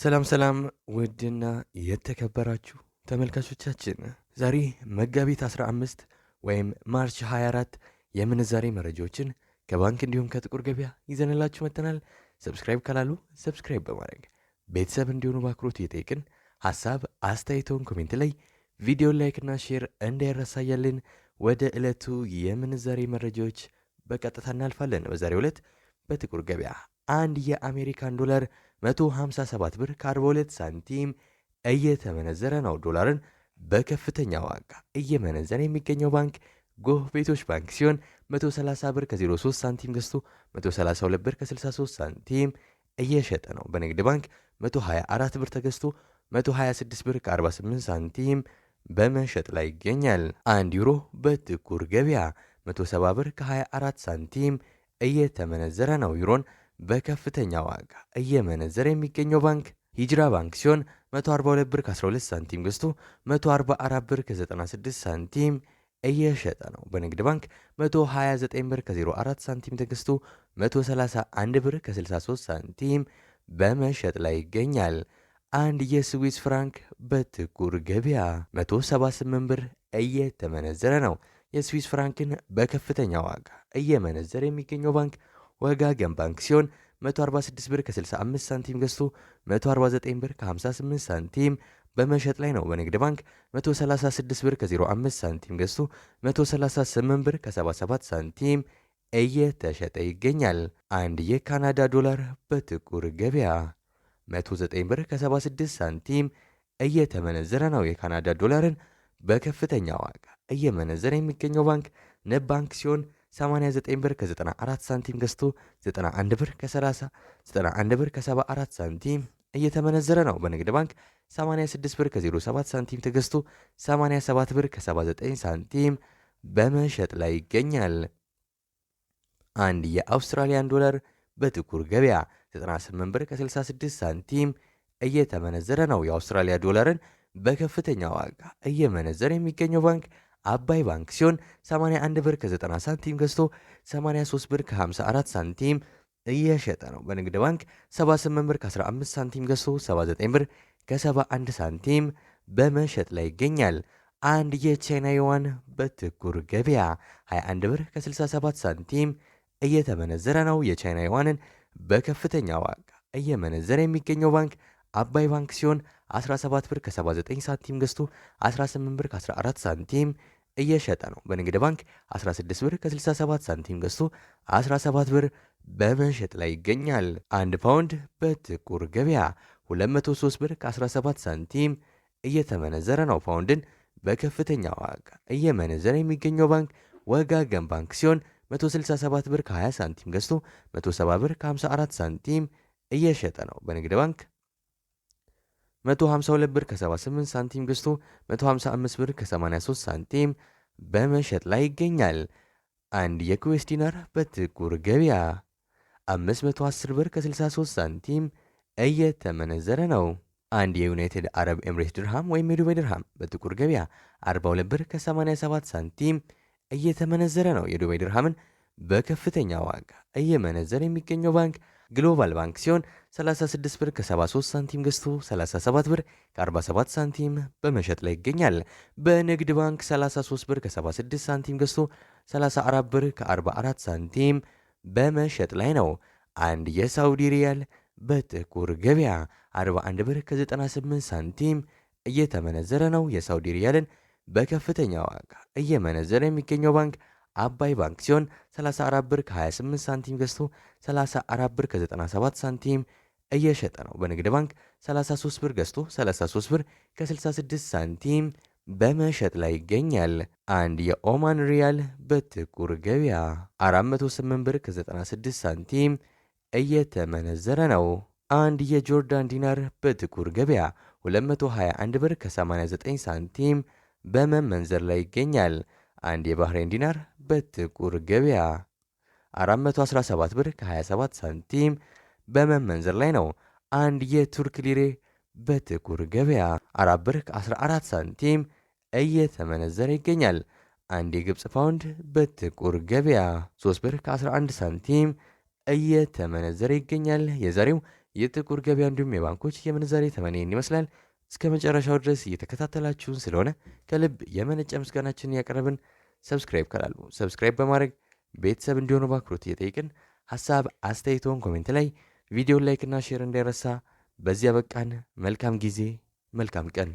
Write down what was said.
ሰላም ሰላም ውድና የተከበራችሁ ተመልካቾቻችን ዛሬ መጋቢት 15 ወይም ማርች 24 የምንዛሬ መረጃዎችን ከባንክ እንዲሁም ከጥቁር ገበያ ይዘንላችሁ መጥተናል። ሰብስክራይብ ካላሉ ሰብስክራይብ በማድረግ ቤተሰብ እንዲሆኑ በአክብሮት እየጠየቅን ሀሳብ አስተያየተውን ኮሜንት ላይ ቪዲዮ ላይክና ሼር እንዳይረሳያልን። ወደ ዕለቱ የምንዛሬ መረጃዎች በቀጥታ እናልፋለን። በዛሬው ዕለት በጥቁር ገበያ አንድ የአሜሪካን ዶላር 157 ብር ከ42 ሳንቲም እየተመነዘረ ነው። ዶላርን በከፍተኛ ዋጋ እየመነዘረ የሚገኘው ባንክ ጎህ ቤቶች ባንክ ሲሆን 130 ብር ከ03 ሳንቲም ገዝቶ 132 ብር ከ63 ሳንቲም እየሸጠ ነው። በንግድ ባንክ 124 ብር ተገዝቶ 126 ብር ከ48 ሳንቲም በመሸጥ ላይ ይገኛል። አንድ ዩሮ በጥቁር ገበያ 170 ብር ከ24 ሳንቲም እየተመነዘረ ነው። ዩሮን በከፍተኛ ዋጋ እየመነዘረ የሚገኘው ባንክ ሂጅራ ባንክ ሲሆን 142 ብር ከ12 ሳንቲም ገዝቶ 144 ብር ከ96 ሳንቲም እየሸጠ ነው። በንግድ ባንክ 129 ብር ከ04 ሳንቲም ተገዝቶ 131 ብር ከ63 ሳንቲም በመሸጥ ላይ ይገኛል። አንድ የስዊስ ፍራንክ በጥቁር ገበያ 178 ብር እየተመነዘረ ነው። የስዊስ ፍራንክን በከፍተኛ ዋጋ እየመነዘረ የሚገኘው ባንክ ወጋገን ባንክ ሲሆን 146 ብር ከ65 ሳንቲም ገዝቶ 149 ብር ከ58 ሳንቲም በመሸጥ ላይ ነው። በንግድ ባንክ 136 ብር ከ05 ሳንቲም ገዝቶ 138 ብር ከ77 ሳንቲም እየተሸጠ ይገኛል። አንድ የካናዳ ዶላር በጥቁር ገበያ 109 ብር ከ76 ሳንቲም እየተመነዘረ ነው። የካናዳ ዶላርን በከፍተኛ ዋጋ እየመነዘረ የሚገኘው ባንክ ንብ ባንክ ሲሆን 89 ብር ከ94 ሳንቲም ገዝቶ 91 ብር ከ30 91 ብር ከ74 ሳንቲም እየተመነዘረ ነው። በንግድ ባንክ 86 ብር ከ07 ሳንቲም ተገዝቶ 87 ብር ከ79 ሳንቲም በመሸጥ ላይ ይገኛል። አንድ የአውስትራሊያን ዶላር በጥቁር ገበያ 98 ብር ከ66 ሳንቲም እየተመነዘረ ነው። የአውስትራሊያ ዶላርን በከፍተኛ ዋጋ እየመነዘረ የሚገኘው ባንክ አባይ ባንክ ሲሆን 81 ብር ከ90 ሳንቲም ገዝቶ 83 ብር ከ54 ሳንቲም እየሸጠ ነው። በንግድ ባንክ 78 ብር ከ15 ሳንቲም ገዝቶ 79 ብር ከ71 ሳንቲም በመሸጥ ላይ ይገኛል። አንድ የቻይና ዩዋን በጥቁር ገበያ 21 ብር ከ67 ሳንቲም እየተመነዘረ ነው። የቻይና ዩዋንን በከፍተኛ ዋጋ እየመነዘረ የሚገኘው ባንክ አባይ ባንክ ሲሆን 17 ብር ከ79 ሳንቲም ገዝቶ 18 ብር ከ14 ሳንቲም እየሸጠ ነው። በንግድ ባንክ 16 ብር ከ67 ሳንቲም ገዝቶ 17 ብር በመሸጥ ላይ ይገኛል። አንድ ፓውንድ በጥቁር ገበያ 203 ብር ከ17 ሳንቲም እየተመነዘረ ነው። ፓውንድን በከፍተኛ ዋጋ እየመነዘረ የሚገኘው ባንክ ወጋገን ባንክ ሲሆን 167 ብር ከ20 ሳንቲም ገዝቶ 170 ብር ከ54 ሳንቲም እየሸጠ ነው። በንግድ ባንክ 152 ብር ከ78 ሳንቲም ገዝቶ 155 ብር ከ83 ሳንቲም በመሸጥ ላይ ይገኛል። አንድ የኩዌስ ዲናር በጥቁር ገበያ 510 ብር ከ63 ሳንቲም እየተመነዘረ ነው። አንድ የዩናይትድ አረብ ኤምሬት ድርሃም ወይም የዱባይ ድርሃም በጥቁር ገበያ 42 ብር ከ87 ሳንቲም እየተመነዘረ ነው። የዱባይ ድርሃምን በከፍተኛ ዋጋ እየመነዘረ የሚገኘው ባንክ ግሎባል ባንክ ሲሆን 36 ብር ከ73 ሳንቲም ገዝቶ 37 ብር ከ47 ሳንቲም በመሸጥ ላይ ይገኛል። በንግድ ባንክ 33 ብር ከ76 ሳንቲም ገዝቶ 34 ብር ከ44 ሳንቲም በመሸጥ ላይ ነው። አንድ የሳውዲ ሪያል በጥቁር ገበያ 41 ብር ከ98 ሳንቲም እየተመነዘረ ነው። የሳውዲ ሪያልን በከፍተኛ ዋጋ እየመነዘረ የሚገኘው ባንክ አባይ ባንክ ሲሆን 34 ብር ከ28 ሳንቲም ገዝቶ 34 ብር ከ97 ሳንቲም እየሸጠ ነው። በንግድ ባንክ 33 ብር ገዝቶ 33 ብር ከ66 ሳንቲም በመሸጥ ላይ ይገኛል። አንድ የኦማን ሪያል በጥቁር ገበያ 408 ብር ከ96 ሳንቲም እየተመነዘረ ነው። አንድ የጆርዳን ዲናር በጥቁር ገበያ 221 ብር ከ89 ሳንቲም በመመንዘር ላይ ይገኛል። አንድ የባህሬን ዲናር በጥቁር ገበያ 417 ብር ከ27 ሳንቲም በመመንዘር ላይ ነው። አንድ የቱርክ ሊሬ በጥቁር ገበያ 4 ብር ከ14 ሳንቲም እየተመነዘረ ይገኛል። አንድ የግብፅ ፓውንድ በጥቁር ገበያ 3 ብር ከ11 ሳንቲም እየተመነዘረ ይገኛል። የዛሬው የጥቁር ገበያ እንዲሁም የባንኮች የምንዛሬ ተመኔን ይመስላል። እስከ መጨረሻው ድረስ እየተከታተላችሁን ስለሆነ ከልብ የመነጨ ምስጋናችንን ያቀረብን ሰብስክራይብ ካላሉ ሰብስክራይብ በማድረግ ቤተሰብ እንዲሆኑ በአክብሮት እየጠየቅን ሀሳብ አስተያየቶን ኮሜንት ላይ ቪዲዮን ላይክና ሼር እንዳይረሳ። በዚያ በቃን። መልካም ጊዜ፣ መልካም ቀን